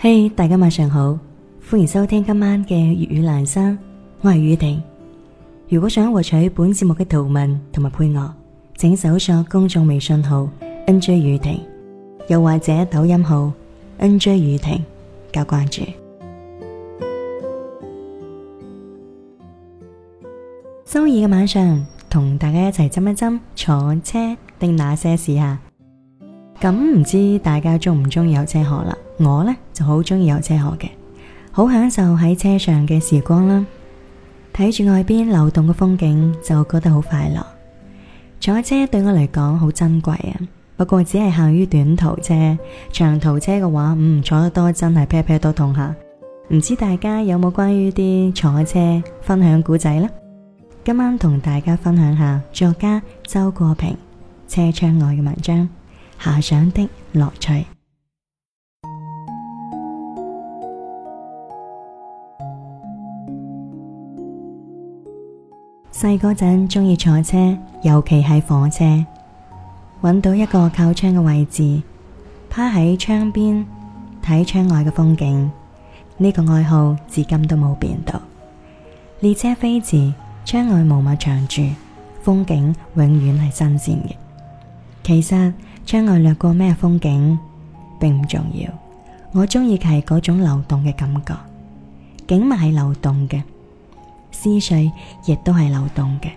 嘿，hey，大家晚上好，歡迎收聽今晚嘅粵語闌珊，我係宇婷。如果想獲取本節目嘅圖文同埋配樂，請搜索公眾微信號 NJ 宇婷，又或者抖音號 NJ 宇婷，加關注。周二嘅晚上，同大家一齊斟一斟坐車定那些事啊。咁唔知大家中唔中意有車河啦？我呢就好中意有車河嘅，好享受喺車上嘅時光啦。睇住外邊流動嘅風景，就覺得好快樂。坐車對我嚟講好珍貴啊！不過只係限於短途車，長途車嘅話，嗯，坐得多真係 pat pat 都痛下。唔知大家有冇關於啲坐車分享故仔呢？今晚同大家分享下作家周國平車窗外嘅文章。遐想的樂趣。細嗰陣鍾意坐車，尤其係火車，揾到一個靠窗嘅位置，趴喺窗邊睇窗外嘅風景。呢、這個愛好至今都冇變到。列車飛馳，窗外無物長駐，風景永遠係新鮮嘅。其實，窗外掠過咩風景，並唔重要。我鍾意嘅係嗰種流動嘅感覺，景物係流動嘅，思緒亦都係流動嘅，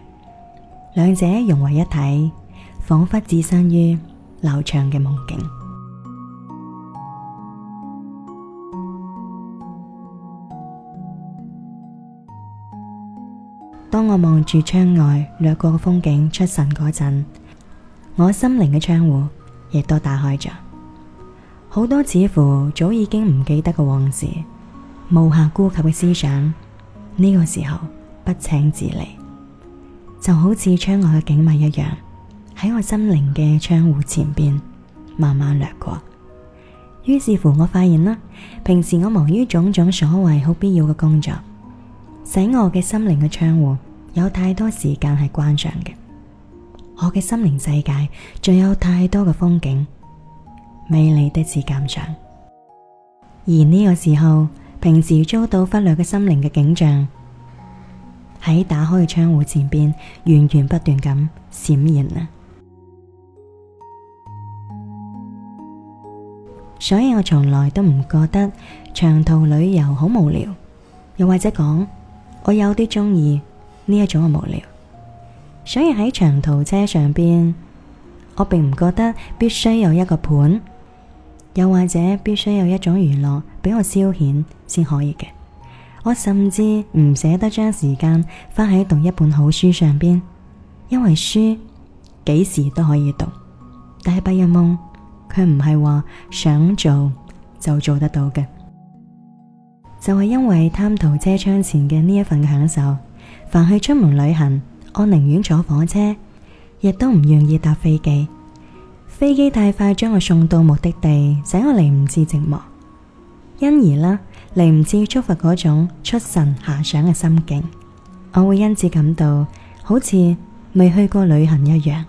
兩者融為一體，仿佛置身於流暢嘅夢境。當我望住窗外掠過嘅風景出神嗰陣，我心靈嘅窗戶亦都打開咗好多似乎早已經唔記得嘅往事，無暇顧及嘅思想，呢、這個時候不請自嚟，就好似窗外嘅景物一樣，喺我心靈嘅窗戶前邊慢慢掠過。於是乎，我發現啦，平時我忙於種種所謂好必要嘅工作，使我嘅心靈嘅窗戶有太多時間係關上嘅。我嘅心靈世界仲有太多嘅風景，未被鑑賞。而呢個時候，平時遭到忽略嘅心靈嘅景象，喺打開嘅窗戶前邊，源源不斷咁閃現啊！所以我從來都唔覺得長途旅遊好無聊，又或者講，我有啲中意呢一種嘅無聊。所以喺長途車上邊，我並唔覺得必須有一個伴，又或者必須有一種娛樂俾我消遣先可以嘅。我甚至唔捨得將時間花喺讀一本好書上邊，因為書幾時都可以讀，但係白日夢佢唔係話想做就做得到嘅。就係、是、因為貪圖車窗前嘅呢一份享受，凡係出門旅行。我寧願坐火車，亦都唔願意搭飛機。飛機太快將我送到目的地，使我嚟唔切寂寞，因而呢嚟唔切觸發嗰種出神遐想嘅心境。我會因此感到好似未去過旅行一樣。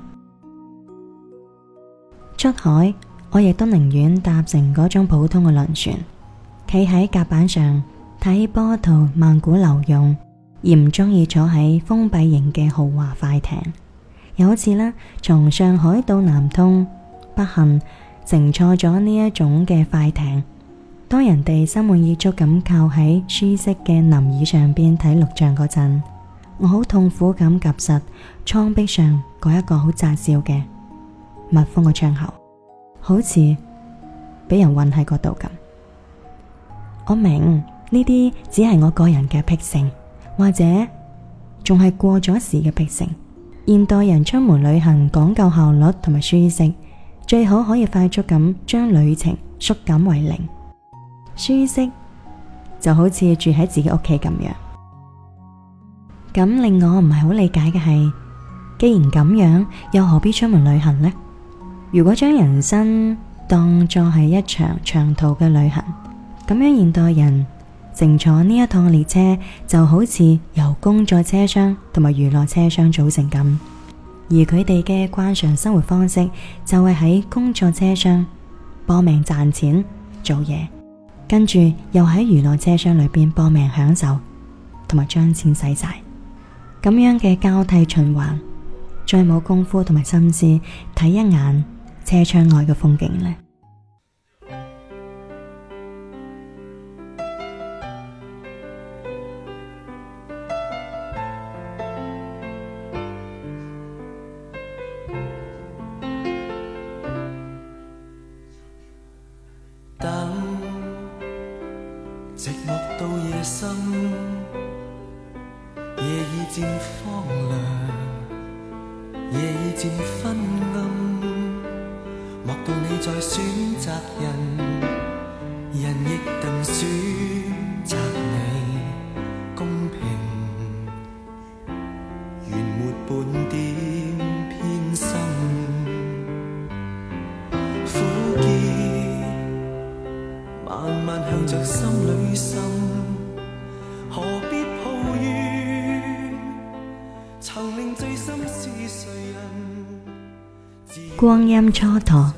出海，我亦都寧願搭乘嗰種普通嘅輪船，企喺甲板上睇波濤萬古流湧。而唔中意坐喺封閉型嘅豪華快艇。有一次呢，從上海到南通，不幸乘坐咗呢一種嘅快艇。當人哋心滿意足咁靠喺舒適嘅林椅上邊睇錄像嗰陣，我好痛苦咁夾實艙壁上嗰一個好窄小嘅密封嘅窗口，好似俾人困喺嗰度咁。我明呢啲只係我個人嘅癖性。或者仲係過咗時嘅癖性。現代人出門旅行講究效率同埋舒適，最好可以快速咁將旅程縮減為零，舒適就好似住喺自己屋企咁樣。咁令我唔係好理解嘅係，既然咁樣，又何必出門旅行呢？如果將人生當作係一場長途嘅旅行，咁樣現代人。乘坐呢一趟列車就好似由工作車廂同埋娛樂車廂組成咁，而佢哋嘅慣常生活方式就係喺工作車廂搏命賺錢做嘢，跟住又喺娛樂車廂裏邊搏命享受同埋將錢使晒，咁樣嘅交替循環，再冇功夫同埋心思睇一眼車窗外嘅風景呢。夜已漸荒涼，夜已漸昏暗，莫道你在選擇人，人亦能選。光陰蹉跎，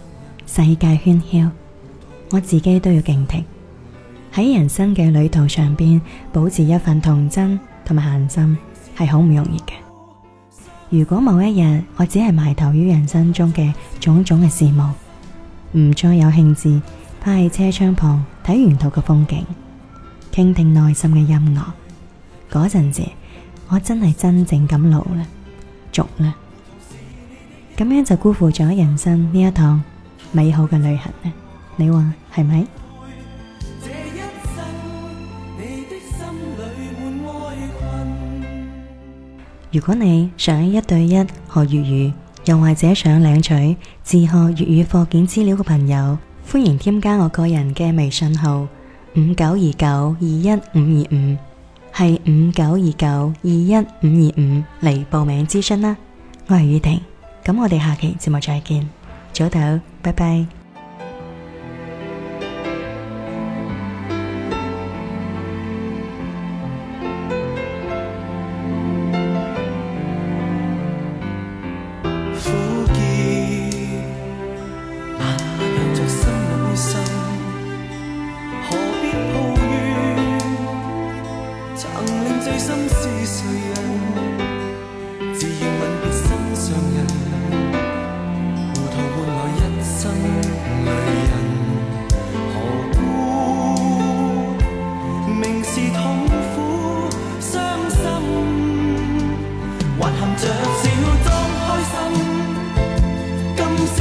世界喧囂，我自己都要警惕。喺人生嘅旅途上邊，保持一份童真同埋閒心，係好唔容易嘅。如果某一日，我只係埋頭於人生中嘅種種嘅事務，唔再有興致趴喺車窗旁睇沿途嘅風景，傾聽內心嘅音樂，嗰陣時，我真係真正咁老啦，俗啦。咁樣就辜負咗人生呢一趟美好嘅旅行啦。你話係咪？是，是，如果你想一對一學粵語，又或者想領取自學粵語課件資料嘅朋友，歡迎添加我個人嘅微信號五九二九二一五二五，係五九二九二一五二五嚟報名諮詢啦。我係宇婷。咁我哋下期節目再見，早唞，拜拜。